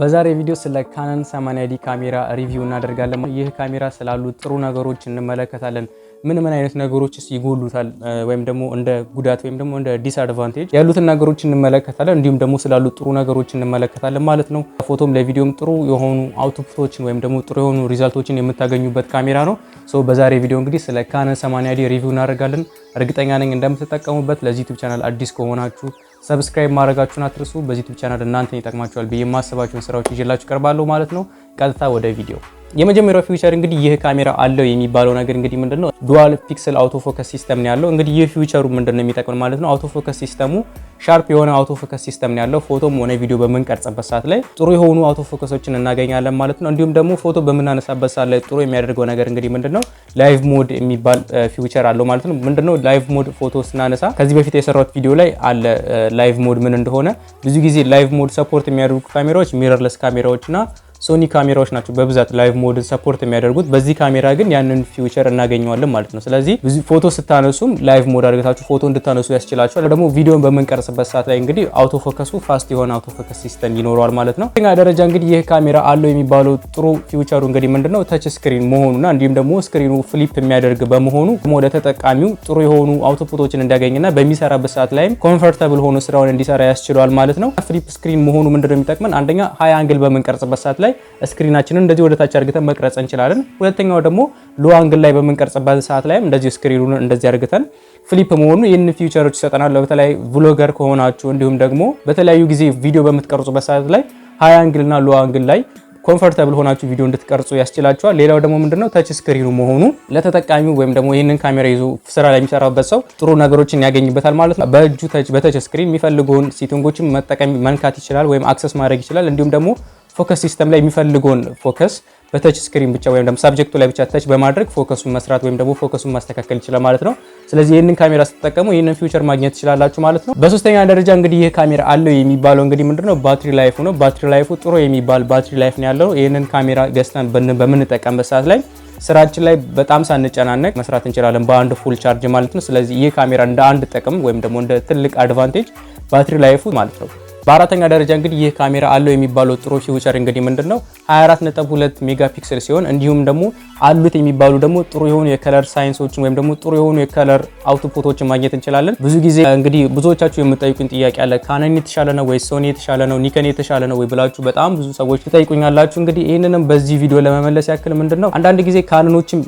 በዛሬ ቪዲዮ ስለ ካነን 80ዲ ካሜራ ሪቪው እናደርጋለን። ይህ ካሜራ ስላሉ ጥሩ ነገሮች እንመለከታለን። ምን ምን አይነት ነገሮችስ ይጎሉታል ወይም ደግሞ እንደ ጉዳት ወይም ደግሞ እንደ ዲስአድቫንቴጅ ያሉትን ነገሮች እንመለከታለን። እንዲሁም ደግሞ ስላሉ ጥሩ ነገሮች እንመለከታለን ማለት ነው። ፎቶም ለቪዲዮም ጥሩ የሆኑ አውትፑቶችን ወይም ደግሞ ጥሩ የሆኑ ሪዛልቶችን የምታገኙበት ካሜራ ነው። በዛሬ ቪዲዮ እንግዲህ ስለ ካነን 80 ዲ ሪቪው እናደርጋለን። እርግጠኛ ነኝ እንደምትጠቀሙበት። ለዚህ ዩቲዩብ ቻናል አዲስ ከሆናችሁ ሰብስክራይብ ማድረጋችሁን አትርሱ። በዚህ ዩቲዩብ ቻናል እናንተን ይጠቅማችኋል ብዬ የማስባችሁን ስራዎች ይዤላችሁ ቀርባለሁ ማለት ነው። ቀጥታ ወደ ቪዲዮ የመጀመሪያው ፊውቸር እንግዲህ ይህ ካሜራ አለው የሚባለው ነገር እንግዲህ ምንድነው ዱዋል ፒክስል አውቶፎከስ ሲስተም ነው ያለው። እንግዲህ ይህ ፊውቸሩ ምንድነው የሚጠቅም ማለት ነው፣ አውቶፎከስ ሲስተሙ ሻርፕ የሆነ አውቶፎከስ ሲስተም ነው ያለው። ፎቶም ሆነ ቪዲዮ በምንቀርጽበት ሰዓት ላይ ጥሩ የሆኑ አውቶፎከሶችን እናገኛለን ማለት ነው። እንዲሁም ደግሞ ፎቶ በምናነሳበት ሰዓት ላይ ጥሩ የሚያደርገው ነገር እንግዲህ ምንድነው ላይቭ ሞድ የሚባል ፊውቸር uh, አለው ማለት ነው። ምንድነው ላይቭ ሞድ ፎቶ ስናነሳ ከዚህ በፊት የሰራሁት ቪዲዮ ላይ አለ ላይቭ uh, ሞድ ምን እንደሆነ። ብዙ ጊዜ ላይቭ ሞድ ሰፖርት የሚያደርጉ ካሜራዎች ሚረርለስ ካሜራዎችና ሶኒ ካሜራዎች ናቸው በብዛት ላይቭ ሞድ ሰፖርት የሚያደርጉት። በዚህ ካሜራ ግን ያንን ፊውቸር እናገኘዋለን ማለት ነው። ስለዚህ ፎቶ ስታነሱም ላይቭ ሞድ አድርገታችሁ ፎቶ እንድታነሱ ያስችላቸዋል። ደግሞ ቪዲዮን በምንቀርጽበት ሰዓት ላይ እንግዲህ አውቶፎከሱ ፋስት የሆነ አውቶፎከስ ሲስተም ይኖረዋል ማለት ነው። ኛ ደረጃ እንግዲህ ይህ ካሜራ አለው የሚባለው ጥሩ ፊውቸሩ እንግዲህ ምንድነው ተች ስክሪን መሆኑና እንዲሁም ደግሞ ስክሪኑ ፍሊፕ የሚያደርግ በመሆኑ ወደ ተጠቃሚው ጥሩ የሆኑ አውቶፑቶችን እንዲያገኝና በሚሰራበት ሰዓት ላይም ኮንፈርታብል ሆኖ ስራውን እንዲሰራ ያስችለዋል ማለት ነው። ፍሊፕ ስክሪን መሆኑ ምንድነው የሚጠቅመን አንደኛ ሀያ አንግል በምንቀርጽበት ሰዓት ላይ ላይ ስክሪናችንን እንደዚህ ወደ ታች አርግተን መቅረጽ እንችላለን። ሁለተኛው ደግሞ ሎ አንግል ላይ በምንቀርጽበት ሰዓት ላይም እንደዚህ ስክሪኑን እንደዚህ አርግተን ፍሊፕ መሆኑ ይህን ፊውቸሮች ይሰጠናል። በተለይ ቭሎገር ከሆናችሁ እንዲሁም ደግሞ በተለያዩ ጊዜ ቪዲዮ በምትቀርጹበት ሰዓት ላይ ሀይ አንግል እና ሎ አንግል ላይ ኮምፎርታብል ሆናችሁ ቪዲዮ እንድትቀርጹ ያስችላችኋል። ሌላው ደግሞ ምንድነው ተች ስክሪኑ መሆኑ ለተጠቃሚው ወይም ደግሞ ይህንን ካሜራ ይዞ ስራ ላይ የሚሰራበት ሰው ጥሩ ነገሮችን ያገኝበታል ማለት ነው። በእጁ በተች ስክሪን የሚፈልገውን ሴቲንጎችን መጠቀም መንካት ይችላል ወይም አክሰስ ማድረግ ይችላል። እንዲሁም ደግሞ ፎከስ ሲስተም ላይ የሚፈልገውን ፎከስ በተች ስክሪን ብቻ ወይም ደግሞ ሳብጀክቱ ላይ ብቻ ተች በማድረግ ፎከሱን መስራት ወይም ደግሞ ፎከሱን ማስተካከል ይችላል ማለት ነው። ስለዚህ ይህንን ካሜራ ስትጠቀሙ ይህንን ፊውቸር ማግኘት ትችላላችሁ ማለት ነው። በሶስተኛ ደረጃ እንግዲህ ይህ ካሜራ አለው የሚባለው እንግዲህ ምንድነው ባትሪ ላይፉ ነው። ባትሪ ላይፉ ጥሩ የሚባል ባትሪ ላይፍ ነው ያለው። ይህንን ካሜራ ገዝተን በምንጠቀምበት ሰዓት ላይ ስራችን ላይ በጣም ሳንጨናነቅ መስራት እንችላለን በአንድ ፉል ቻርጅ ማለት ነው። ስለዚህ ይህ ካሜራ እንደ አንድ ጥቅም ወይም ደግሞ እንደ ትልቅ አድቫንቴጅ ባትሪ ላይፉ ማለት ነው በአራተኛ ደረጃ እንግዲህ ይህ ካሜራ አለው የሚባለው ጥሩ ፊውቸር እንግዲህ ምንድን ነው 24.2 ፒክሰል ሲሆን እንዲሁም ደግሞ አሉት የሚባሉ ደግሞ ጥሩ የሆኑ የከለር ሳይንሶችን ወይም ደግሞ ጥሩ የሆኑ የከለር አውትፑቶችን ማግኘት እንችላለን። ብዙ ጊዜ እንግዲህ ብዙዎቻችሁ የምጠይቁኝ ጥያቄ አለ። ካነን የተሻለ ነው ወይ ሶኒ የተሻለ ነው ኒከን የተሻለ ነው ወይ ብላችሁ በጣም ብዙ ሰዎች ትጠይቁኛላችሁ። እንግዲህ ይህንንም በዚህ ቪዲዮ ለመመለስ ያክል ምንድን ነው አንዳንድ ጊዜ ካንኖችም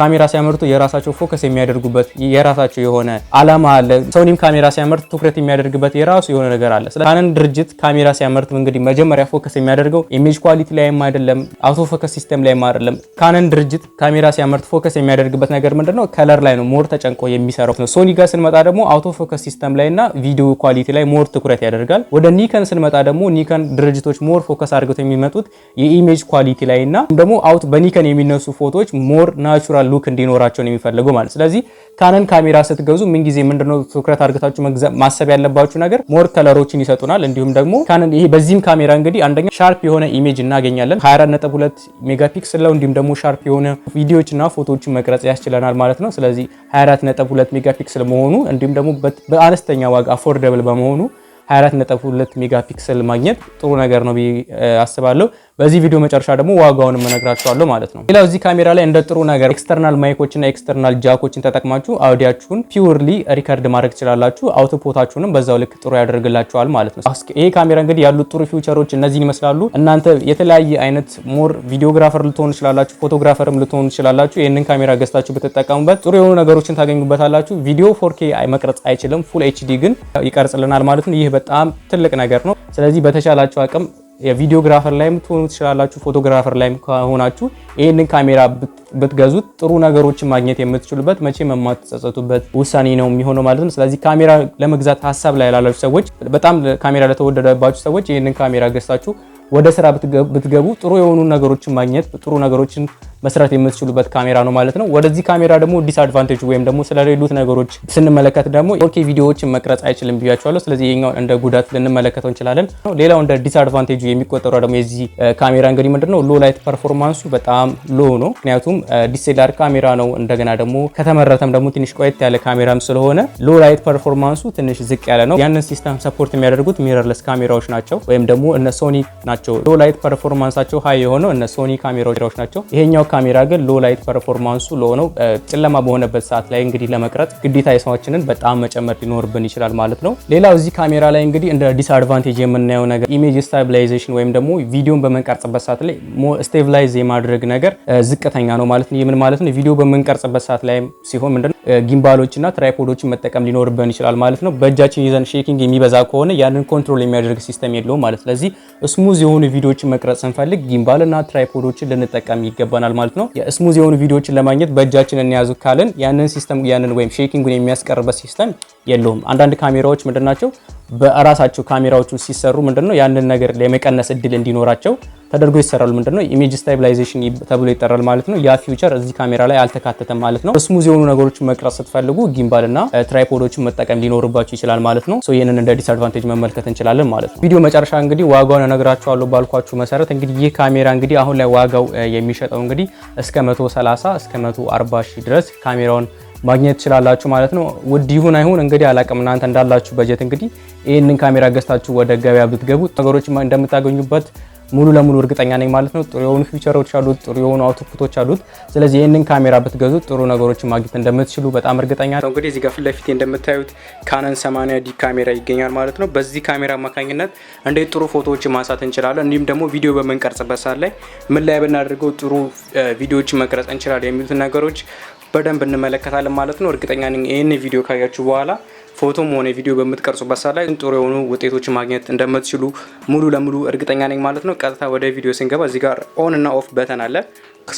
ካሜራ ሲያመርቱ የራሳቸው ፎከስ የሚያደርጉበት የራሳቸው የሆነ አላማ አለ። ሶኒም ካሜራ ሲያመርት ትኩረት የሚያደርግበት የራሱ የሆነ ነገር አለ። ስለ ካነን ድርጅት ካሜራ ሲያመርት እንግዲህ መጀመሪያ ፎከስ የሚያደርገው ኢሜጅ ኳሊቲ ላይም አይደለም፣ አውቶ ፎከስ ሲስተም ላይም አይደለም። ካነን ድርጅት ካሜራ ሲያመርት ፎከስ የሚያደርግበት ነገር ምንድነው? ከለር ላይ ነው ሞር ተጨንቆ የሚሰራው ነው። ሶኒ ጋር ስንመጣ ደግሞ አውቶ ፎከስ ሲስተም ላይ እና ቪዲዮ ኳሊቲ ላይ ሞር ትኩረት ያደርጋል። ወደ ኒከን ስንመጣ ደግሞ ኒከን ድርጅቶች ሞር ፎከስ አድርገው የሚመጡት የኢሜጅ ኳሊቲ ላይ እና ደግሞ አውት በኒከን የሚነሱ ፎቶዎች ሞር ናቹራል ሉክ እንዲኖራቸው ነው የሚፈልገው ማለት። ስለዚህ ካነን ካሜራ ስትገዙ ምንጊዜ ምንድነው ትኩረት አድርገታችሁ ማሰብ ያለባችሁ ነገር ሞር ከለሮችን ይሰጡናል እንዲሁም ደግሞ ይሄ በዚህም ካሜራ እንግዲህ አንደኛ ሻርፕ የሆነ ኢሜጅ እናገኛለን 24.2 ሜጋፒክስል ነው። እንዲሁም ደግሞ ሻርፕ የሆነ ቪዲዮዎችና ፎቶዎችን መቅረጽ ያስችለናል ማለት ነው። ስለዚህ 24.2 ሜጋፒክስል መሆኑ እንዲሁም ደግሞ በአነስተኛ ዋጋ አፎርደብል በመሆኑ 24.2 ሜጋፒክስል ማግኘት ጥሩ ነገር ነው ብዬ አስባለሁ። በዚህ ቪዲዮ መጨረሻ ደግሞ ዋጋውንም እነግራችኋለሁ ማለት ነው። ሌላው እዚህ ካሜራ ላይ እንደ ጥሩ ነገር ኤክስተርናል ማይኮችና ኤክስተርናል ጃኮችን ተጠቅማችሁ አውዲያችሁን ፒውርሊ ሪከርድ ማድረግ ትችላላችሁ። አውቶፖታችሁንም በዛው ልክ ጥሩ ያደርግላችኋል ማለት ነው። ይሄ ካሜራ እንግዲህ ያሉት ጥሩ ፊውቸሮች እነዚህን ይመስላሉ። እናንተ የተለያየ አይነት ሞር ቪዲዮግራፈር ልትሆኑ ትችላላችሁ፣ ፎቶግራፈርም ልትሆኑ ትችላላችሁ። ይህንን ካሜራ ገዝታችሁ ብትጠቀሙበት ጥሩ የሆኑ ነገሮችን ታገኙበታላችሁ። ቪዲዮ ፎርኬ መቅረጽ አይችልም፣ ፉል ኤችዲ ግን ይቀርጽልናል ማለት ነው። ይህ በጣም ትልቅ ነገር ነው። ስለዚህ በተሻላችሁ አቅም የቪዲዮግራፈር ላይም ትሆኑ ትችላላችሁ። ፎቶግራፈር ላይም ከሆናችሁ ይህንን ካሜራ ብትገዙት ጥሩ ነገሮችን ማግኘት የምትችሉበት መቼም የማትጸጸቱበት ውሳኔ ነው የሚሆነው ማለት ነው። ስለዚህ ካሜራ ለመግዛት ሀሳብ ላይ ላላችሁ ሰዎች፣ በጣም ካሜራ ለተወደደባችሁ ሰዎች ይህንን ካሜራ ገዝታችሁ ወደ ስራ ብትገቡ ጥሩ የሆኑ ነገሮችን ማግኘት ጥሩ ነገሮችን መስራት የምትችሉበት ካሜራ ነው ማለት ነው። ወደዚህ ካሜራ ደግሞ ዲስአድቫንቴጅ ወይም ደግሞ ስለሌሉት ነገሮች ስንመለከት ደግሞ ኦኬ ቪዲዮዎችን መቅረጽ አይችልም ብያቸዋለሁ። ስለዚህ የኛውን እንደ ጉዳት ልንመለከተው እንችላለን። ሌላው እንደ ዲስአድቫንቴጅ የሚቆጠሩ ደግሞ የዚህ ካሜራ እንግዲህ ምንድነው ሎ ላይት ፐርፎርማንሱ በጣም ሎ ነው። ምክንያቱም ዲሴላር ካሜራ ነው። እንደገና ደግሞ ከተመረተም ደግሞ ትንሽ ቆየት ያለ ካሜራም ስለሆነ ሎ ላይት ፐርፎርማንሱ ትንሽ ዝቅ ያለ ነው። ያንን ሲስተም ሰፖርት የሚያደርጉት ሚረርለስ ካሜራዎች ናቸው፣ ወይም ደግሞ እነ ሶኒ ናቸው። ሎ ላይት ፐርፎርማንሳቸው ሀይ የሆነው እነ ሶኒ ካሜራዎች ናቸው። ይሄኛው ካሜራ ግን ሎ ላይት ፐርፎርማንሱ ለሆነው ጨለማ በሆነበት ሰዓት ላይ እንግዲህ ለመቅረጥ ግዴታ የሰዋችንን በጣም መጨመር ሊኖርብን ይችላል ማለት ነው። ሌላው እዚህ ካሜራ ላይ እንግዲህ እንደ ዲስአድቫንቴጅ የምናየው ነገር ኢሜጅ ስታቢላይዜሽን ወይም ደግሞ ቪዲዮን በምንቀርጽበት ሰዓት ላይ ስቴብላይዝ የማድረግ ነገር ዝቅተኛ ነው ማለት ነው። የምን ማለት ነው? ቪዲዮ በምንቀርጽበት ሰዓት ላይ ሲሆን ምንድነው ጊምባሎችና ትራይፖዶችን መጠቀም ሊኖርብን ይችላል ማለት ነው። በእጃችን ይዘን ሼኪንግ የሚበዛ ከሆነ ያንን ኮንትሮል የሚያደርግ ሲስተም የለውም ማለት ስለዚህ ስሙዝ የሆኑ ቪዲዮዎችን መቅረጽ ስንፈልግ ጊምባልና ትራይፖዶችን ልንጠቀም ይገባናል ማለት ነው። ስሙዝ የሆኑ ቪዲዮዎችን ለማግኘት በእጃችን እንያዙ ካልን ያንን ሲስተም ያንን ወይም ሼኪንጉን የሚያስቀርበት ሲስተም የለውም። አንዳንድ ካሜራዎች ምንድን ናቸው በራሳቸው ካሜራዎቹን ሲሰሩ ምንድነው ያንን ነገር የመቀነስ እድል እንዲኖራቸው ተደርጎ ይሰራሉ። ምንድነው ኢሜጅ ስታቢላይዜሽን ተብሎ ይጠራል ማለት ነው። ያ ፊውቸር እዚህ ካሜራ ላይ አልተካተተም ማለት ነው። ስሙዝ የሆኑ ነገሮችን መቅረጽ ስትፈልጉ ጊምባልና ትራይፖዶችን መጠቀም ሊኖርባቸው ይችላል ማለት ነው። ይህንን እንደ ዲስአድቫንቴጅ መመልከት እንችላለን ማለት ነው። ቪዲዮ መጨረሻ እንግዲህ ዋጋውን እነግራችኋለሁ ባልኳችሁ መሰረት እንግዲህ ይህ ካሜራ እንግዲህ አሁን ላይ ዋጋው የሚሸጠው እንግዲህ እስከ 130 እስከ 140 ሺህ ድረስ ካሜራውን ማግኘት ትችላላችሁ ማለት ነው። ውድ ይሁን አይሁን እንግዲህ አላቅም፣ እናንተ እንዳላችሁ በጀት እንግዲህ ይህንን ካሜራ ገዝታችሁ ወደ ገበያ ብትገቡ ነገሮች እንደምታገኙበት ሙሉ ለሙሉ እርግጠኛ ነኝ ማለት ነው። ጥሩ የሆኑ ፊቸሮች አሉት፣ ጥሩ የሆኑ አውትፑቶች አሉት። ስለዚህ ይህንን ካሜራ ብትገዙ ጥሩ ነገሮችን ማግኘት እንደምትችሉ በጣም እርግጠኛ ነው። እንግዲህ እዚህ ጋር ፊት ለፊት እንደምታዩት ካነን 80 ዲ ካሜራ ይገኛል ማለት ነው። በዚህ ካሜራ አማካኝነት እንዴት ጥሩ ፎቶዎችን ማንሳት እንችላለን፣ እንዲሁም ደግሞ ቪዲዮ በምንቀርጽበት ሰዓት ላይ ምን ላይ ብናደርገው ጥሩ ቪዲዮዎችን መቅረጽ እንችላለን የሚሉትን ነገሮች በደንብ እንመለከታለን ማለት ነው። እርግጠኛ ነኝ ይህን ቪዲዮ ካያችሁ በኋላ ፎቶም ሆነ ቪዲዮ በምትቀርጹበት ሰዓት ላይ ጥሩ የሆኑ ውጤቶች ማግኘት እንደምትችሉ ሙሉ ለሙሉ እርግጠኛ ነኝ ማለት ነው። ቀጥታ ወደ ቪዲዮ ስንገባ እዚህ ጋር ኦን እና ኦፍ በተን አለ።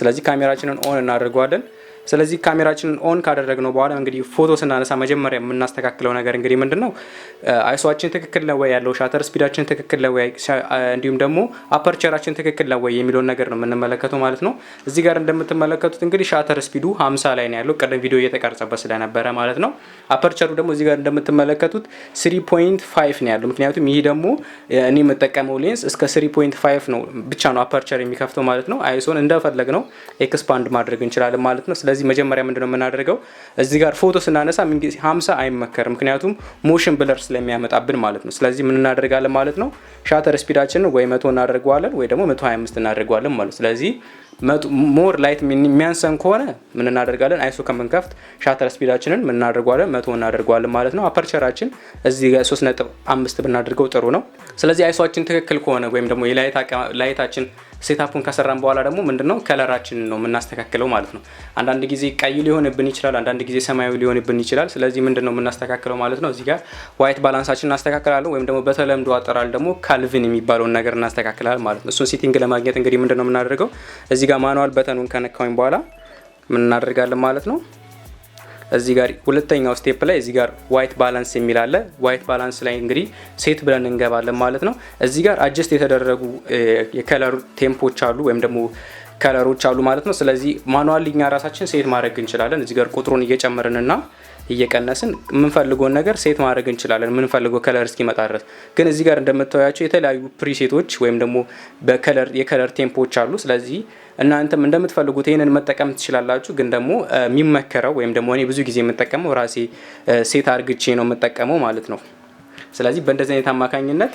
ስለዚህ ካሜራችንን ኦን እናደርገዋለን። ስለዚህ ካሜራችን ኦን ካደረግነው በኋላ እንግዲህ ፎቶ ስናነሳ መጀመሪያ የምናስተካክለው ነገር እንግዲህ ምንድን ነው አይሶችን ትክክል ነው ወይ ያለው ሻተር ስፒዳችን ትክክል ነው ወይ እንዲሁም ደግሞ አፐርቸራችን ትክክል ነው ወይ የሚለውን ነገር ነው የምንመለከተው ማለት ነው። እዚህ ጋር እንደምትመለከቱት እንግዲህ ሻተር ስፒዱ 50 ላይ ነው ያለው ቅድም ቪዲዮ እየተቀረጸበት ስለነበረ ማለት ነው። አፐርቸሩ ደግሞ እዚህ ጋር እንደምትመለከቱት 3.5 ነው ያለው ምክንያቱም ይህ ደግሞ እኔ የምጠቀመው ሌንስ እስከ 3.5 ነው ብቻ ነው አፐርቸር የሚከፍተው ማለት ነው። አይሶን እንደፈለግ ነው ኤክስፓንድ ማድረግ እንችላለን ማለት ነው። ስለዚህ ስለዚህ መጀመሪያ ምንድነው የምናደርገው እዚህ ጋር ፎቶ ስናነሳ ምንጊዜ 50 አይመከርም፣ ምክንያቱም ሞሽን ብለር ስለሚያመጣብን ማለት ነው። ስለዚህ ምን እናደርጋለን ማለት ነው ሻተር ስፒዳችንን ወይ መቶ እናደርገዋለን ወይ ደግሞ 125 እናደርገዋለን ማለት ነው። ስለዚህ ሞር ላይት የሚያንሰን ከሆነ ምን እናደርጋለን? አይሶ ከምንከፍት ሻተር ስፒዳችንን ምን እናደርገዋለን? መቶ እናደርገዋለን ማለት ነው። አፐርቸራችን እዚህ ጋር 3 ነጥብ አምስት ብናደርገው ጥሩ ነው። ስለዚህ አይሶችን ትክክል ከሆነ ወይም ደግሞ የላይታችን ሴታፑን ከሰራን በኋላ ደግሞ ምንድነው ከለራችን ነው የምናስተካክለው ማለት ነው። አንዳንድ ጊዜ ቀይ ሊሆንብን ይችላል፣ አንዳንድ ጊዜ ሰማያዊ ሊሆንብን ይችላል። ስለዚህ ምንድነው የምናስተካክለው ማለት ነው። እዚህ ጋር ዋይት ባላንሳችን እናስተካክላለን፣ ወይም ደግሞ በተለምዶ አጠራል ደግሞ ካልቪን የሚባለውን ነገር እናስተካክላል ማለት ነው። እሱን ሴቲንግ ለማግኘት እንግዲህ ምንድነው የምናደርገው እዚህ ጋር ማኑዋል በተኑን ከነካውኝ በኋላ ምን እናደርጋለን ማለት ነው እዚህ ጋር ሁለተኛው ስቴፕ ላይ እዚህ ጋር ዋይት ባላንስ የሚል አለ። ዋይት ባላንስ ላይ እንግዲህ ሴት ብለን እንገባለን ማለት ነው። እዚህ ጋር አጀስት የተደረጉ የከለር ቴምፖች አሉ ወይም ደግሞ ከለሮች አሉ ማለት ነው። ስለዚህ ማኑዋል እኛ ራሳችን ሴት ማድረግ እንችላለን። እዚህ ጋር ቁጥሩን እየጨመርንና እየቀነስን የምንፈልገውን ነገር ሴት ማድረግ እንችላለን፣ የምንፈልገው ከለር እስኪመጣ ድረስ። ግን እዚህ ጋር እንደምታያቸው የተለያዩ ፕሪሴቶች ወይም ደግሞ የከለር ቴምፖች አሉ። ስለዚህ እናንተም እንደምትፈልጉት ይህንን መጠቀም ትችላላችሁ። ግን ደግሞ የሚመከረው ወይም ደግሞ እኔ ብዙ ጊዜ የምጠቀመው ራሴ ሴት አርግቼ ነው የምጠቀመው ማለት ነው። ስለዚህ በእንደዚህ አይነት አማካኝነት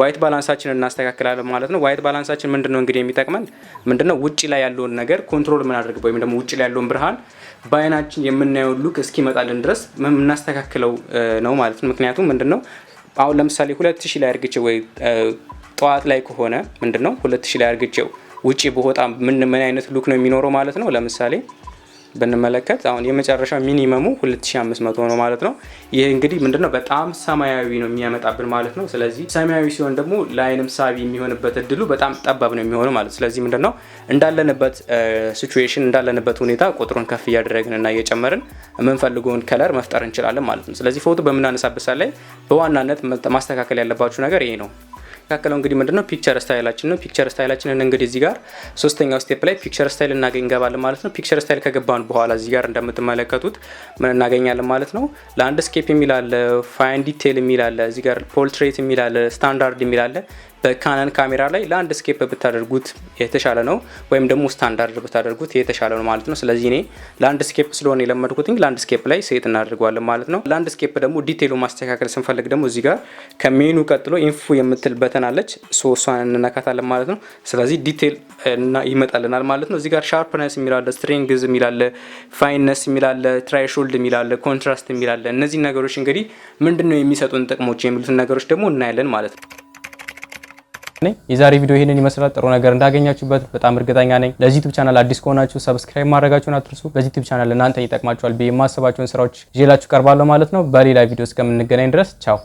ዋይት ባላንሳችንን እናስተካክላለን ማለት ነው። ዋይት ባላንሳችን ምንድን ነው እንግዲህ የሚጠቅመን ምንድን ነው ውጭ ላይ ያለውን ነገር ኮንትሮል የምናደርግበት ወይም ደግሞ ውጭ ላይ ያለውን ብርሃን በአይናችን የምናየውን ሉክ እስኪመጣልን ድረስ የምናስተካክለው ነው ማለት ነው። ምክንያቱም ምንድን ነው አሁን ለምሳሌ ሁለት ሺህ ላይ አርግቼው ወይ ጠዋት ላይ ከሆነ ምንድን ነው ሁለት ሺ ላይ አርግቼው ውጭ በወጣ ምን ምን አይነት ሉክ ነው የሚኖረው ማለት ነው ለምሳሌ ብንመለከት አሁን የመጨረሻው ሚኒመሙ 2500 ነው ማለት ነው። ይህ እንግዲህ ምንድነው በጣም ሰማያዊ ነው የሚያመጣብን ማለት ነው። ስለዚህ ሰማያዊ ሲሆን ደግሞ ለአይንም ሳቢ የሚሆንበት እድሉ በጣም ጠባብ ነው የሚሆነው ማለት ስለዚህ ምንድነው እንዳለንበት ሲቹዌሽን እንዳለንበት ሁኔታ ቁጥሩን ከፍ እያደረግን እና እየጨመርን የምንፈልገውን ከለር መፍጠር እንችላለን ማለት ነው። ስለዚህ ፎቶ በምናነሳበት ላይ በዋናነት ማስተካከል ያለባችሁ ነገር ይሄ ነው። የሚያስተካከለው እንግዲህ ምንድነው ፒክቸር ስታይላችን ነው። ፒክቸር ስታይላችንን እንግዲህ እዚህ ጋር ሶስተኛው ስቴፕ ላይ ፒክቸር ስታይል እናገኝ እንገባለን ማለት ነው። ፒክቸር ስታይል ከገባን በኋላ እዚህ ጋር እንደምትመለከቱት ምን እናገኛለን ማለት ነው። ላንድስኬፕ ስኬፕ የሚላለ ፋይን ዲቴል የሚላለ እዚህ ጋር ፖርትሬት የሚላለ ስታንዳርድ የሚላለ በካነን ካሜራ ላይ ለአንድ ስኬፕ ብታደርጉት የተሻለ ነው፣ ወይም ደግሞ ስታንዳርድ ብታደርጉት የተሻለ ነው ማለት ነው። ስለዚህ እኔ ለአንድ ስኬፕ ስለሆነ የለመድኩትኝ ለአንድ ስኬፕ ላይ ሴት እናደርገዋለን ማለት ነው። ለአንድ ስኬፕ ደግሞ ዲቴይሉ ማስተካከል ስንፈልግ ደግሞ እዚህ ጋር ከሜኑ ቀጥሎ ኢንፉ የምትል በተን አለች፣ እሷን እንነካታለን ማለት ነው። ስለዚህ ዲቴይል ይመጣልናል ማለት ነው። እዚህ ጋር ሻርፕነስ የሚላለ፣ ስትሪንግዝ የሚላለ፣ ፋይነስ የሚላለ፣ ትራይሾልድ የሚላለ፣ ኮንትራስት የሚላለ እነዚህ ነገሮች እንግዲህ ምንድን ነው የሚሰጡን ጥቅሞች የሚሉትን ነገሮች ደግሞ እናያለን ማለት ነው። ነኝ። የዛሬ ቪዲዮ ይህንን ይመስላል። ጥሩ ነገር እንዳገኛችሁበት በጣም እርግጠኛ ነኝ። ለዚህ ዩቲዩብ ቻናል አዲስ ከሆናችሁ ሰብስክራይብ ማድረጋችሁን አትርሱ። በዚህ ዩቲዩብ ቻናል እናንተን ይጠቅማችኋል ብዬ የማስባቸውን ስራዎች ይዤላችሁ ቀርባለሁ ማለት ነው። በሌላ ቪዲዮ እስከምንገናኝ ድረስ ቻው።